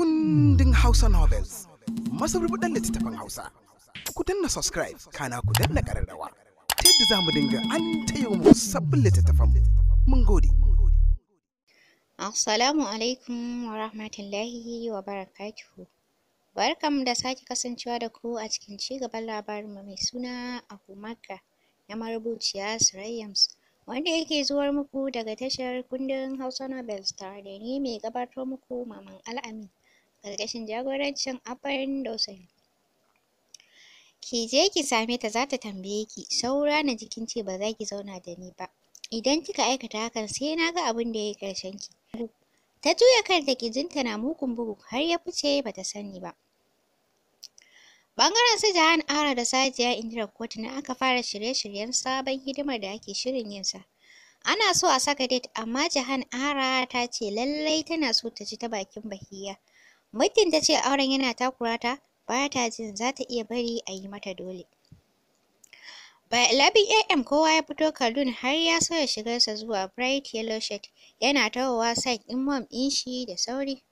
kundin Hausa Novels, Masu masarubuɗan littattafan Hausa. Ku danna subscribe, kana ku danna ƙararrawa. Ta yadda za mu dinga an tayo mu sabbin littattafan mun gode. Assalamu alaikum wa rahmatullahi wa barakatuhu. Barkam da sake kasancewa da ku a cikin ci gaban labarin mai suna Ahumaka na marubuciya Surayyams. wanda yake zuwar muku daga tashar kundin Hausa Nobel tare da ni mai gabatar muku Maman Al'amin. ƙarƙashin jagorancin Abban Dausayi. Ki je ki same ta za ta tambaye ki, saura na jikin ce ba za ki zauna da ni ba. Idan kika aikata hakan sai na ga abin da ya yi ƙarshen ki. Ta juya kanta ƙirjinta na mugun bugu har ya fice ba ta sani ba. Ɓangaren su Jahan Ara da Sajiya Indira kotu na aka fara shirye-shiryen sabon hidimar da ake shirin yinsa. Ana so a saka date amma Jahan Ara ta ce lallai tana so ta ji ta bakin Bahiya. Muddin ta ce auren yana takura ta, ba ta jin za ta iya bari a yi mata dole. By labin am kowa ya fito Kaduna har ya shigar shigarsa zuwa bright yellow shirt yana tawowa side In mom ɗin shi da sauri.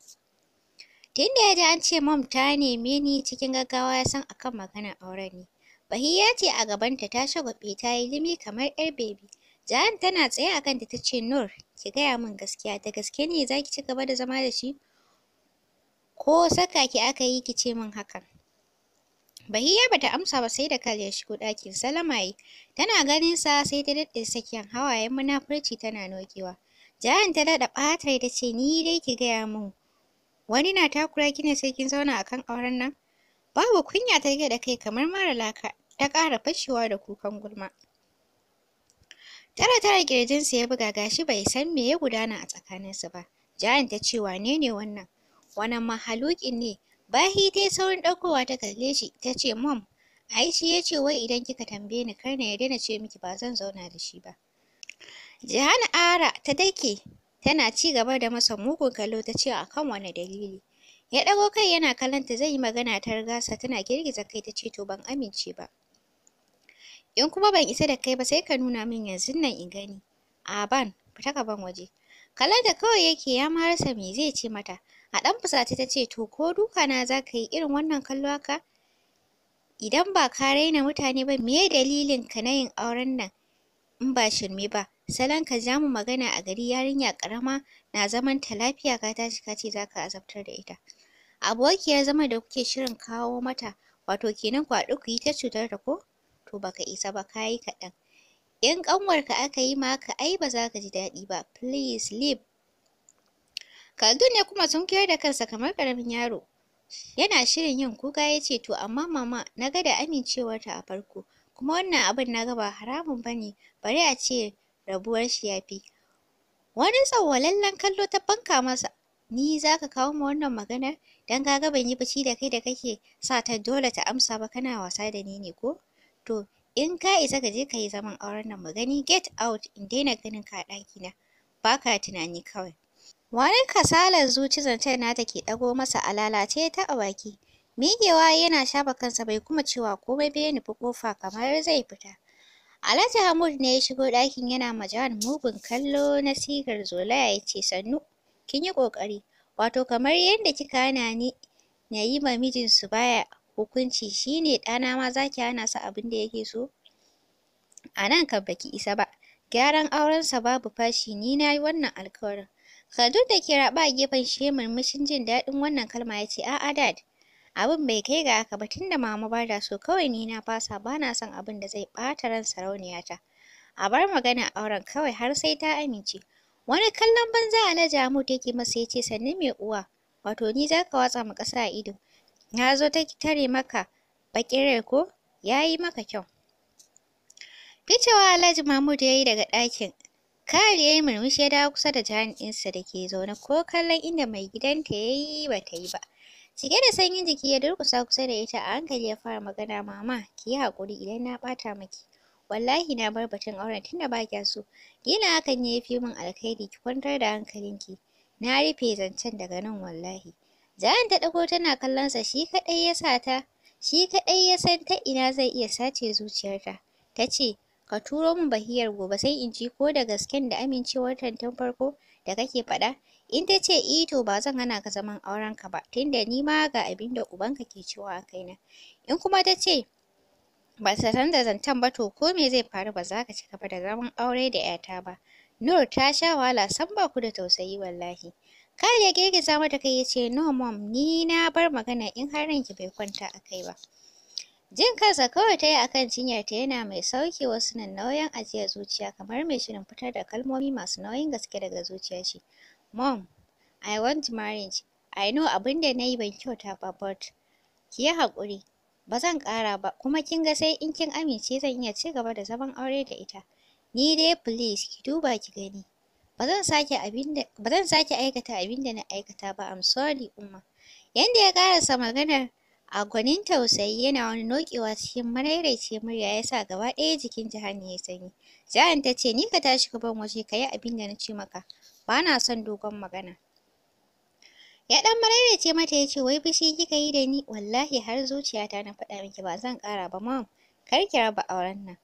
Tun ya ji an ce mom ta neme ni cikin gaggawa ya san akan maganar auren ne. bahi ya ce a gabanta ta shagwaɓe ta yi limi kamar 'yar bebi. Jahan tana tsaye a kanta ta ce Nur ki gaya min gaskiya da gaske ne za ki ci gaba da zama da shi ko saka ki aka yi ki ce min hakan Bahiya ba ta amsa ba sai da Kal ya shigo ɗakin Salama yi. Tana ganin sa sai ta daɗe sakiyan hawayen munafurci tana nokewa. Jahan ta daɗa ɓatar ta ce ni dai ki gaya min. Wani na takura kina sai kin zauna a kan auren nan? Babu kunya ta da kai kamar mara laka ta ƙara fashewa da kukan gulma. Tara tara ƙirjinsa ya buga gashi bai san me ya gudana a tsakaninsu ba. Jahan ta ce wane ne wannan? wannan mahaluki ne bahi shi yi saurin ɗaukowa ta kalle shi ta ce mom Aisha ya ce wai idan kika tambaye ni kar na yarda na ce miki ba zan zauna da shi ba jahana ara ta dake tana ci gaba da masa mugun kallo ta ce akan wani dalili ya ɗago kai yana kallonta zai yi magana ta rigasa tana girgiza kai ta ce to ban amince ba in kuma ban isa da kai ba sai ka nuna min yanzun nan in gani a ban fita ka ban waje kallonta kawai yake ya ma rasa me zai ce mata A ɗan fusace ta ce, to ko duka na za ka yi irin wannan kallo haka? Idan ba ka raina mutane ba, me dalilin ka na yin auren nan? In ba shirme ba, salon ka ja mu magana a gari yarinya ƙarama na zaman ta lafiya ka tashi ka ce za ka azabtar da ita. Abokiyar zama da kuke shirin kawo mata, wato kenan ku haɗu ku yi ta cutar da ko? To ba ka isa ba, ka yi kaɗan. In ƙanwarka aka yi ma haka ai ba za ka ji daɗi ba, please leave. Kaldu ne kuma sun kiyar da kansa kamar ƙaramin yaro. Yana shirin yin kuka ya ce to amma mama na ga da amincewarta a farko kuma wannan abin na ga ba haramun ba ne bari a ce rabuwar shi ya fi. Wani tsawalallen kallo ta banka masa ni za ka kawo ma wannan maganar don ka ga ban yi fushi da kai da kake sa ta dole ta amsa ba kana wasa da ni ne ko? To in ka isa ka je ka yi zaman auren nan mu gani get out in daina ganin ka a ɗakina ba ka tunani kawai. Wani kasalar zuci zancen nata ke ɗago masa a lalace ta a baki. Migewa yana shafa kansa bai kuma cewa komai ba ya nufi ƙofa kamar zai fita. Alhaji Hamud ne ya shigo ɗakin yana ma Jawan mugun kallo na sigar zolaya ya ce sannu kin yi ƙoƙari wato kamar yadda kika hana ni na yi ma mijinsu baya hukunci shi ne ɗana ma za ki hana su abin da yake so? A nan kan baki isa ba gyaran aurensa babu fashi ni na yi wannan alƙawarin. Khaldun da ke raɓa a gefen shi ya murmushin jin daɗin wannan kalma ya ce, a'a dad, abin bai kai ga haka ba tunda mama ba da so kawai ni na fasa ba na son abin da zai ɓata ran sarauniya ta. A bar magana auren kawai har sai ta amince. Wani kallon banza a na Jamud yake masa ya ce, sannu mai uwa, wato ni za ka watsa ma ƙasa a ido. Na zo ta tare maka baƙin rai ko? Ya yi maka kyau. Ficewa Alhaji Mahmud ya yi daga ɗakin, Kariya ya yi murmushi ya dawo kusa da jami'insa da ke zaune ko kallon inda mai gidanta ya yi ba ta yi ba. Cike da sanyin jiki ya durkusa kusa da ita a hankali ya fara magana mama ki yi haƙuri idan na ɓata maki. Wallahi na bar batun auren tunda ba kya so. Gina hakan ya fi min alkhairi ki kwantar da hankalinki. Na rufe zancen daga nan wallahi. Jahan ta ɗago tana kallonsa shi kaɗai ya sa ta shi kaɗai ya san ta ina zai iya sace zuciyarta. Ta ce ka turo min bahiyar gobe sai in ji ko da gasken da amincewar tantan farko da kake faɗa in ta ce eh to ba zan hana ka zaman aurenka ba tunda ni ma ga abin da ubanka ke cewa a kaina in kuma ta ce ba ta san da zantan ba to ko me zai faru ba za ka ci gaba da zaman aure da 'yata ba Nur ta sha wahala san ba ku da tausayi wallahi Kyle ya girgiza mata kai ya ce no mom ni na bar magana in har ranki bai kwanta a kai ba Jin kansa kawai ta yi a kan ta yana mai sauki wasu nan nauyin ajiyar zuciya kamar mai shirin fitar da kalmomi masu nauyin gaske daga zuciyar shi. Mom, I want marriage. I know abin da na yi ban kyauta ba but ki yi haƙuri. Ba zan ƙara ba kuma kin ga sai in kin amince zan iya ci gaba da zaman aure da ita. Ni dai please ki duba ki gani. Ba zan sake aikata abin da na aikata ba. I'm sorry Umma. Yanda ya ƙarasa maganar a gwanin tausayi yana wani nokewa cikin maraice murya ya sa gaba ɗaya jikin Jahan ya sanyi. Jahan ta ce, Ni ka tashi ka ban waje ka yi abin da na ce maka, ba na son dogon magana. Ya ɗan maraice mata ya ce, Wai bishi kika yi da ni, wallahi har zuciyata na faɗa miki ba zan ƙara ba mam, kar ki raba auren nan.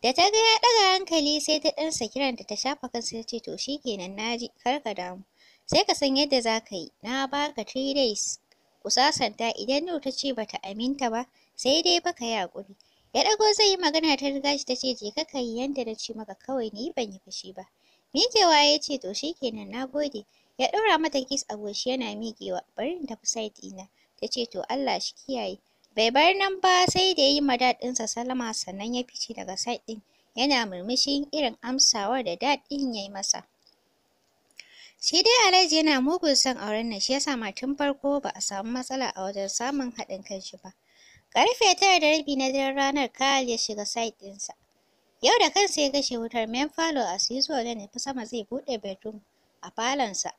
Da ta ga ya ɗaga hankali sai ta ɗansa saki ranta ta shafa kansa ta ce, To shi kenan na ji, kar ka damu, sai ka san yadda za ka yi, na baka three days. ku sasanta idan Nur ta ce bata aminta ba sai dai baka yi hakuri. ya ɗago zai yi magana ta riga shi ta ce je ka kai yanda na ce maka kawai ni ban yi fushi ba miƙewa ya ce to shikenan na gode ya ɗora mata kis a goshi yana miƙewa bari in tafi side ɗina ta ce to Allah shi kiyaye bai bar nan ba sai da ya yi ma dad sa salama sannan ya fice daga side ɗin yana murmushin irin amsawar da daɗin ya yi masa Shi dai Alhaji yana mugun son auren nan shi yasa ma tun farko ba a samu matsala a wajen samun haɗin kan shi ba. Ƙarfe tara da rabi na daren ranar Kyle ya shiga site ɗinsa. Yau da kansa ya kashe wutar main falo a zuwa da nufi sama zai buɗe bedroom a falonsa.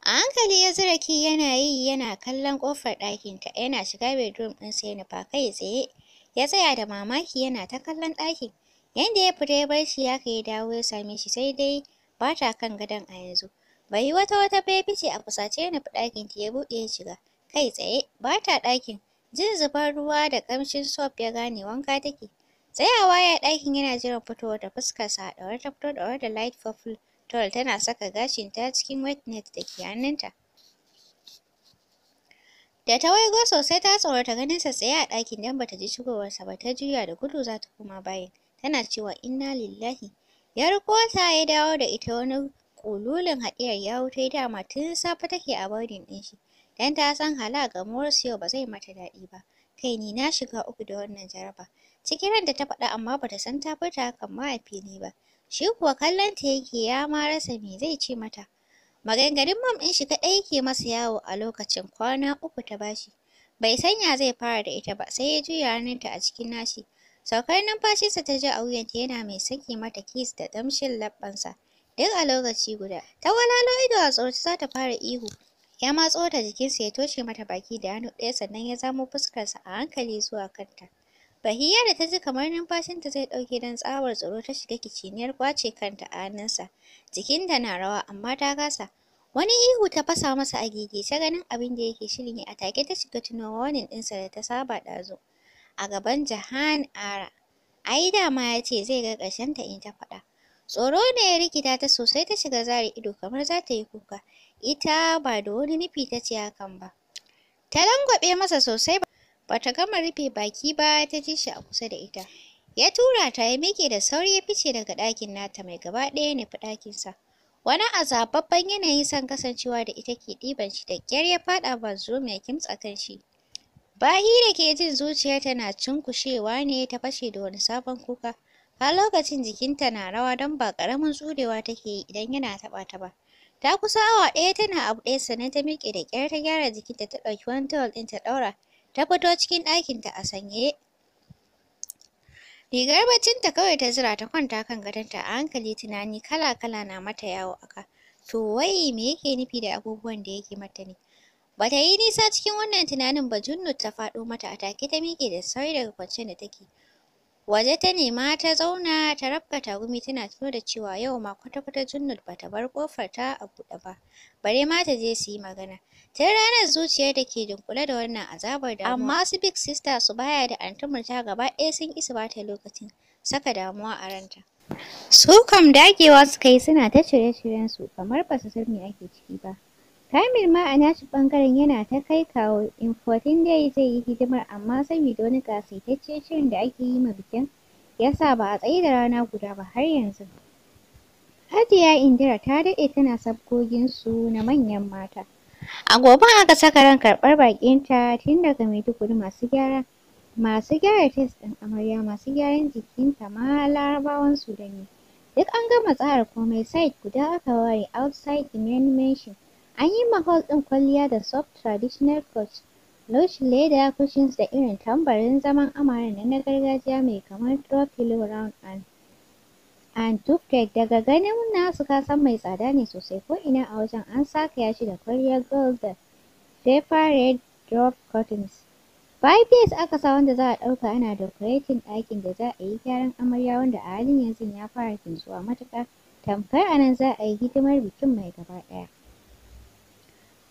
A hankali ya zura ki yana yi yana kallon ƙofar ɗakinta yana shiga bedroom ɗinsa sai nufa kai tsaye. Ya tsaya da mamaki yana ta kallon ɗakin. Yanda ya fita ya bar shi kai ya dawo ya same shi sai dai ba ta kan gadon a yanzu. bai wata wata ba ce a fusace ya fi ɗakin ta ya buɗe ya shiga kai tsaye ba ta ɗakin jin zubar ruwa da ƙamshin soap ya gane wanka take tsayawa ya ɗakin yana jiran fitowa da fuskarsa a ɗaure ta fito ɗaure da light purple towel tana saka gashinta cikin wet net da ke hannunta Da ta waigo sosai ta tsorata ganin sa tsaye a ɗakin don bata ji shigowarsa ba ta juya da gudu za ta koma bayan. Tana cewa inna lillahi. yar riko ya dawo da ita wani kululin haɗiyar ya wuce dama tun safe take a baudin ɗin shi, dan ta san hala gamuwarsu yau ba zai mata daɗi ba. Kai ni na shiga uku da wannan jaraba. Cikin ranta ta faɗa amma bata san ta furta hakan mahaifi a ba. Shi kuwa kallon ta yake ya ma rasa me zai ce mata. Maganganun mam ɗin shi kaɗai yake masa yawo a lokacin kwana uku ta bashi. Bai sanya zai fara da ita ba sai ya juya hannunta a cikin nashi. Saukar numfashinsa ta ji a wuyanta yana mai saki mata kiss da damshin labbansa. duk a lokaci guda ta walalo ido a tsorace za ta fara ihu ya matso ta jikinsa ya toshe mata baki da hannu ɗaya sannan ya zamo fuskarsa a hankali zuwa kanta Bahiya da ta ji kamar numfashinta zai ɗauke don tsawar tsoro ta shiga kiciniyar kwace kanta a hannunsa. Jikinta na rawa amma ta kasa. Wani ihu ta fasa masa a ta ganin abin da yake shirin yi a take ta shiga tunowa wani ɗinsa da ta saba ɗazu. A gaban Jahan Ara. Ai dama ya ce zai ga ƙarshenta in ta faɗa. Tsoro ne ya rikita ta sosai ta shiga zare ido kamar za ta yi kuka. Ita ba da wani nufi ta ce hakan ba. Ta langwaɓe masa sosai ba ta gama rufe baki ba ta ji shi a kusa da ita. Ya tura ta ya miƙe da sauri ya fice daga ɗakin nata mai gaba ɗaya ne nufi ɗakinsa. Wani azababban yanayin son kasancewa da ita ke ɗiban shi da ƙyar ya faɗa zo mai kimtsa kan shi. Bahira ke jin zuciyarta na cunkushewa ne ta fashe da wani sabon kuka. Har lokacin jikinta na rawa don ba ƙaramin tsurewa take yi idan yana taɓa ta ba. Ta kusa awa ɗaya tana abu ɗaya sannan ta miƙe da ƙyar ta gyara jikinta ta ɗauki wani towel ɗin ta ɗaura ta fito cikin ɗakinta a sanye. Rigar baccinta kawai ta zira ta kwanta kan gadonta a hankali tunani kala-kala na mata yawo a ka. To wai me yake nufi da abubuwan da yake mata ne? Ba yi nisa cikin wannan tunanin ba junnu ta faɗo mata a take ta miƙe da sauri daga kwancen da take. Waje ta nema ta zauna ta rabka tagumi tana tuno da cewa yau ma kwata-kwata Junnat bata bar ƙofar ta a buɗe ba, bare ma ta je su yi magana. Tun ranar zuciyar da ke dunƙule da wannan azabar damuwa. Amma su Big Sister su baya da antumar gaba ɗaya sun isa bata lokacin saka damuwa a ranta. Su kam dagewa suka yi suna ta shirye su, kamar ba su san me ake ciki ba. Kamil ma a nashi ɓangaren yana ta kai kawo in 14 dai zai yi hidimar amma saboda wani ƙasaitaccen shirin da ake yi ma bikin ya sa ba a tsayi da rana guda ba har yanzu. Hajiya Indira ta daɗe tana sabgoginsu na manyan mata. A gobe aka saka ran karɓar baƙinta tun daga Maiduguri masu gyara masu gyara test ɗin amarya masu gyaran jikinta ma larabawan da ne. Duk an gama tsara komai site guda aka ware outside the main mansion. An yi ma hall ɗin kwalliya da soft traditional couch, laushi leather cushions da irin tambarin zaman amare na na gargajiya mai kamar draw pillow round and and daga ganin nasu ka san mai tsada ne sosai ko ina a wajen an sakaya shi da kwaliyar gold da paper red drop curtains. Five days aka sa wanda za a ɗauka ana decorating ɗakin da za a yi gyaran amarya wanda a halin yanzu ya fara kintsuwa matuƙa tamkar a nan za a yi hidimar bikin mai gaba ɗaya.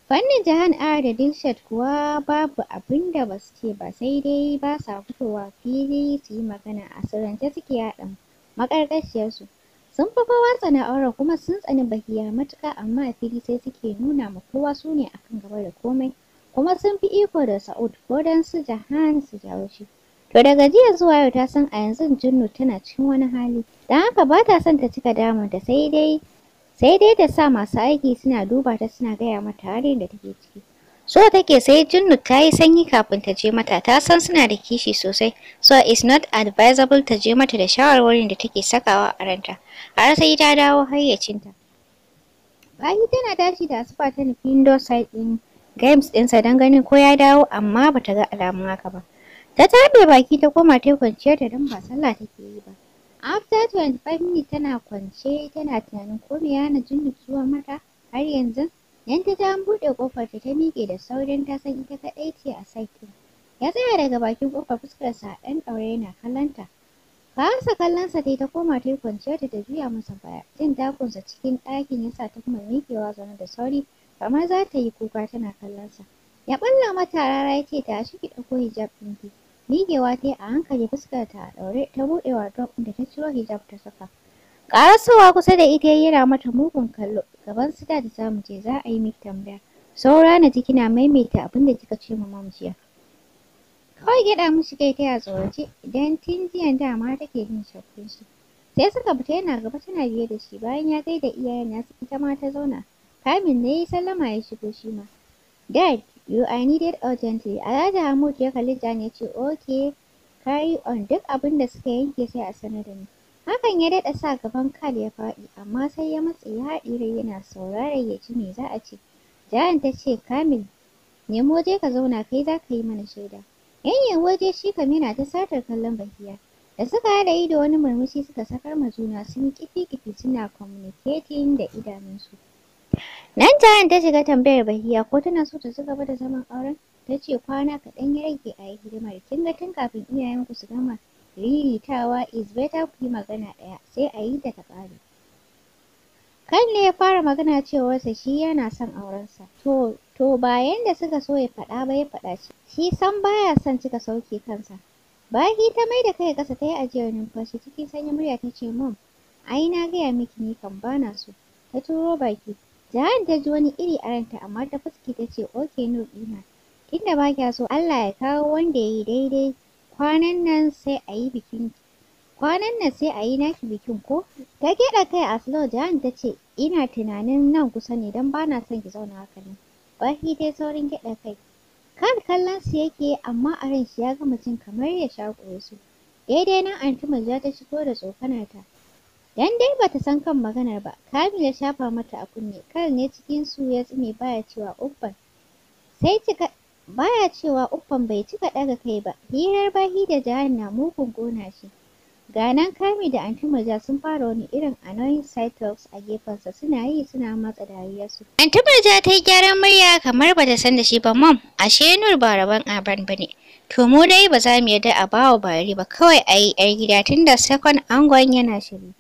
Fannin jihar Aya da kuwa babu abinda da ba su ce ba sai dai ba sa fitowa fili su yi magana a sirrance suke yaɗa maƙarƙashiyarsu. Sun fi kowa sana'arar kuma sun tsani bahiya matuƙa amma a fili sai suke nuna ma kowa su ne a kan gaba da komai kuma sun fi iko da Sa'ud ko don su Jahan su jawo shi. To daga jiya zuwa yau ta san a yanzu Junnu tana cikin wani hali don haka ba ta son ta cika damun ta sai dai sai dai da sa masu aiki suna duba ta suna gaya mata halin da take ciki so take sai junnu ta yi sanyi kafin ta je mata ta san suna da kishi sosai so it's not advisable ta je mata da shawarwarin da take sakawa a ranta har sai ta dawo hayyacinta bayi tana tashi da asuba ta nufi indoor side din games ɗinsa don ganin ko ya dawo amma bata ga alamun haka ba ta tabe baki ta koma ta kwanciyar ta don ba sallah take yi ba After 25 minutes tana kwance tana tunanin ko me yana hana mata har yanzu. Yan ta an buɗe kofar ta ta mike da saurin ta san ita kaɗai ce a site Ya tsaya daga bakin kofar fuskar sa dan ɗaure yana kallonta. Kasa kallonsa sa dai ta koma ta yi ta ta juya masa baya. Jin takunsa cikin ɗakin yasa ta kuma mikewa zaune da sauri kamar za ta yi kuka tana kallonsa. Ya ɓalla mata rara ya ce ta shi ki ɗauko hijab ki Migewa ta yi a hankali ta a ɗaure ta buɗewa wardrobe inda ta ciro hijab ta saka. Ƙarasowa kusa da ita ya yana mata mugun kallo. Gaban su da za mu je za a yi miki tambaya. Saura na ji kina maimaita abin da kika ce ma jiya. Kawai gyaɗa mishi kai ta a tsorace idan tun jiyan dama take yin shakkun shi. Sai suka fita yana gaba tana biye da shi bayan ya gaida iyayen nasu ita ma ta zauna. Kamin na yi sallama ya shigo shi ma. Dad, You are needed urgently. Alhaji Hamud ya kalli Jan ya ce, Okay, carry on duk abin da suka yanke sai a sanar da ni. Hakan ya daɗa sa gaban Kal ya faɗi, amma sai ya matse ya haɗi rai yana saurara ya ji me za a ce. Jan ta ce, Kamil, nemo waje ka zauna kai za ka yi mana shaida. yan waje shi kam yana ta satar kallon bahiya. Da suka haɗa ido wani murmushi suka sakar ma juna sun kifi kifi suna communicating da idanunsu. Nan taron ta shiga tambayar Bahiya ko tana so ta cigaba gaba da zaman auren? Ta ce kwana kaɗan ya rage a yi hidimar. Kin ga tun kafin iyayenku su gama riritawa is better ku yi magana ɗaya sai a yi da ta ƙare. Kan ne ya fara magana cewarsa shi yana son aurensa. To, to ba yanda suka so ya faɗa ba ya faɗa shi. Shi san baya son cika sauke kansa. Bahi ta mai da kai ƙasa ta yi ajiyar numfashi cikin sanyin murya ta ce mom, ai na gaya miki ni kan bana so. Ta turo baki. Jahan ta ji wani iri a ranta amma ta fuske ta ce oke no ɗina, tunda ba kya so Allah ya kawo wanda ya yi daidai kwanan nan sai a yi bikin kwanan nan sai a yi naki bikin ko? Ta gyaɗa kai a slow Jahan ta ce ina tunanin nan kusa ne don ba na son ki zauna haka nan. Bahi dai saurin gyaɗa kai. Kan kallon su yake amma a ran shi ya ga mutum kamar ya sha su. Daidai nan Anti Manja ta shigo da ta. Dan dai bata san kan maganar ba, Kamil ya shafa mata a kunne, kar ne cikin su ya tsine baya cewa uffan. Sai cika baya cewa uffan bai cika ɗaga kai ba, hirar bahi da jahan na mugun gona shi. Ga nan kami da Anti maja sun fara wani irin annoying side talks a gefensa suna yi suna matsa dariyarsu. Anti maja ta yi gyaran murya kamar bata san da shi ba mom, ashe Nur ba rabon aban bane. To mu dai ba za mu yarda a bawa bari ba kawai a yi 'yar gida tunda second angon yana shiri.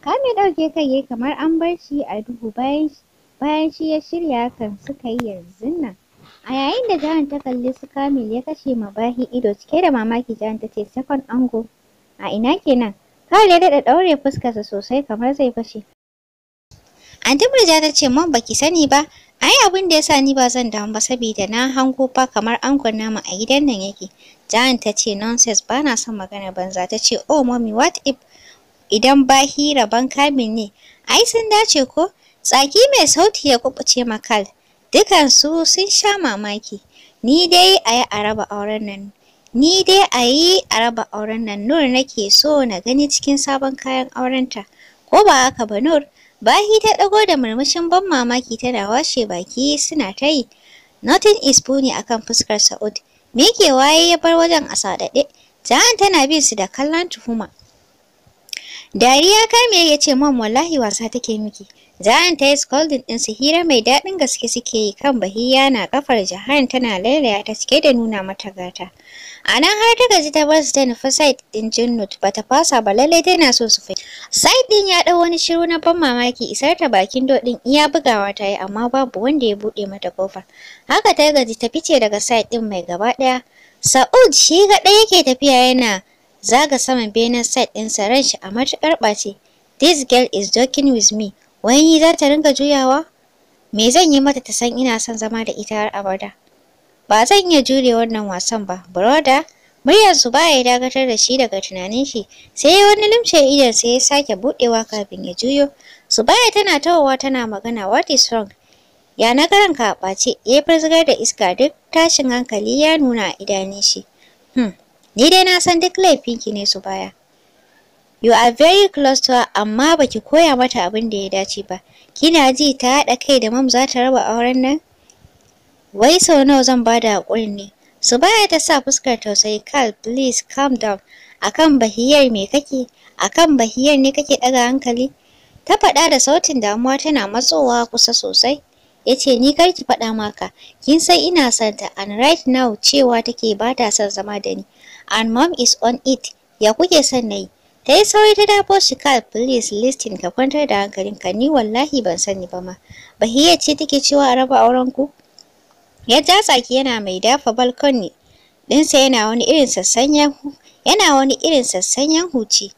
Kami ɗauke kai yayi kamar an bar shi a duhu bayan bayan shi ya shirya kan suka yi yanzun nan. A yayin da Jahan ta kalli su Kamil ya kashe ma Mabahi ido cike da mamaki Jahan ta ce second ango. A ina kenan? Kamil ya daɗa ɗaure fuskarsa sosai kamar zai fashe. Anti Murja ta ce man baki sani ba, ai abin da yasa ni ba zan damu ba saboda na hango fa kamar angon nama a gidan nan yake. Jahan ta ce nonsense ba na son magana banza ta ce oh mommy what if idan ba hira kamin ne, ai sun dace ko? Tsaki mai sauti ya kubuce makal, dukansu sun sha mamaki. Ni dai a yi a raba auren nan, ni dai a yi a raba auren nan Nur nake so na gani cikin sabon kayan aurenta, ko ba haka ba Nur? Bahi ta ɗago da murmushin ban mamaki tana washe baki suna ta yi. ispo ne a akan fuskar Sa'ud. Me ke waye ya bar wajen a saɗaɗe? Jahan tana bin su da kallon tuhuma. Dariya kame ya ce mom wallahi wasa take miki. Jahan ta yi scolding din su hira mai daɗin gaske suke yi kan bahiya na kafar Jahan tana lailaya ta cike da nuna mata gata. A nan har ta gaji ta bar su ta nufi site din Jinnut ba ta fasa ba lallai tana so su fita. Site din ya ɗau wani shiru na ban mamaki isar ta bakin do din iya bugawa ta yi amma babu wanda ya buɗe mata kofar. Haka ta gaji ta fice daga site din mai gaba ɗaya. Sa'ud shi ga ɗaya yake tafiya yana zaga saman benen set ɗinsa ran shi a matuƙar ɓace. This girl is joking with me. Wai ni za ta ringa juyawa? Me zan yi mata ta san ina son zama da ita har abada? Ba zan iya jure wannan wasan ba, broda. Muryarsu ba ya dakatar da shi daga tunanin shi, sai wani limce idon sai ya sake buɗewa kafin ya juyo. Subaya tana tawowa tana magana what is wrong? Ya na ka a ɓace, ya eh, da iska duk tashin hankali ya nuna a idanun shi. Hmm, Ni dai na san duk ki ne su baya. You are very close to her amma baki koya mata abin da ya dace ba. Kina ji ta haɗa kai da mam za ta raba auren nan? Wai sau nawa zan ba da haƙurin ne? Su baya ta sa fuskar tausayi Carl please calm down. Akan bahiyar me kake? Akan bahiyar ne kake ɗaga hankali? Ta faɗa da sautin damuwa tana matsowa kusa sosai. ya ce ni kar ki faɗa maka kin san ina santa ta and right now cewa take ba ta son zama da ni and mom is on it. Ya kuke son nayi yi? Ta yi sauri ta dafo shi kal please listing ka kwantar da hankalinka ni wallahi ban sani ba ma. Bahiyya ce take cewa a raba auren ku? Ya ja tsaki yana mai dafa balkoni ɗinsa yana wani irin sassanyen yana wani irin sassanyen yahuci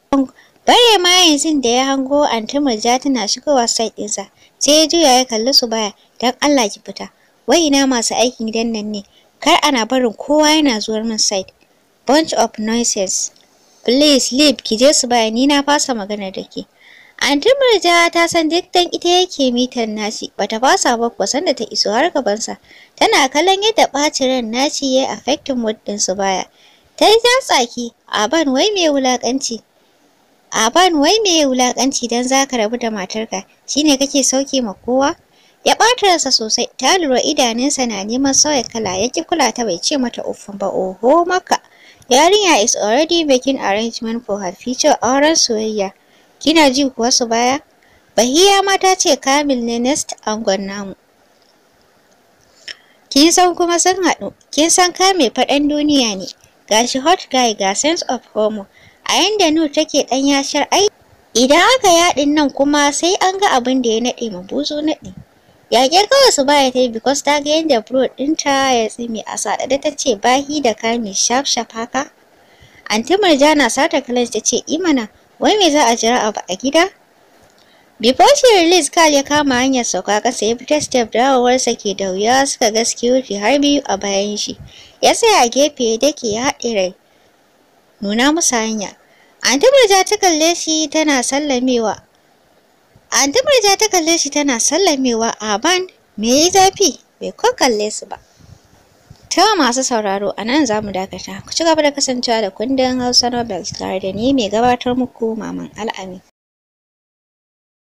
Bare ma yanzu da ya hango Aunty Murja tana shigowa site ɗinsa, sai ya juya ya kalli su baya, don Allah ki fita. Wai ina masu aikin gidan nan ne, kar ana barin kowa yana zuwar min site. bunch of noises please leave ki su baya ni na fasa magana da ke anti murja ta san duk dan ita yake mitan nashi bata fasa ba kuwa sanda ta iso har gabansa tana kallon yadda ɓacin ran nashi ya affecting mood din su baya ta yi tsaki aban wai mai wulakanci aban wai mai wulakanci dan zaka rabu da matarka shine kake sauke ma kowa ya ɓata sosai ta lura idanunsa na neman sauya kala ya ƙi kula ta bai ce mata uffin ba oho maka Yarinya is already making arrangement for her future auren soyayya. Kina ji kuwa su baya? Bahiya ma ta ce Kamil ne next angon namu. Kin san kuma sun haɗu, kin san Kamil faɗan duniya ne. Gashi hot guy ga sense of homo. A yanda nu take ɗan yashar ai, idan aka yaɗin nan kuma sai an ga abin da ya naɗe mabuzu naɗi. Yaƙe kawai su baya ta yi bikos ta ga yadda brod ta ya tsimi a saɗaɗe ta ce bahi da kame shaf shaf haka. Anti na sata kalan ta ce imana wai me za a jira abu a gida? Before she release Kal ya kama hanyar sauka kasa ya fita step dawowarsa ke da wuya suka ga security har biyu a bayan shi. Ya tsaya a gefe ya dake ya haɗe rai. Nuna musu hanya. Anti marja ta kalle shi tana sallamewa Anti Murja ta kalle shi tana sallamewa a ban me yayi zafi bai ko kalle su ba. Ta masu sauraro a nan za mu dakata ku ci gaba da kasancewa da kundin Hausa Nobel tare da ni mai gabatar muku Maman al'ami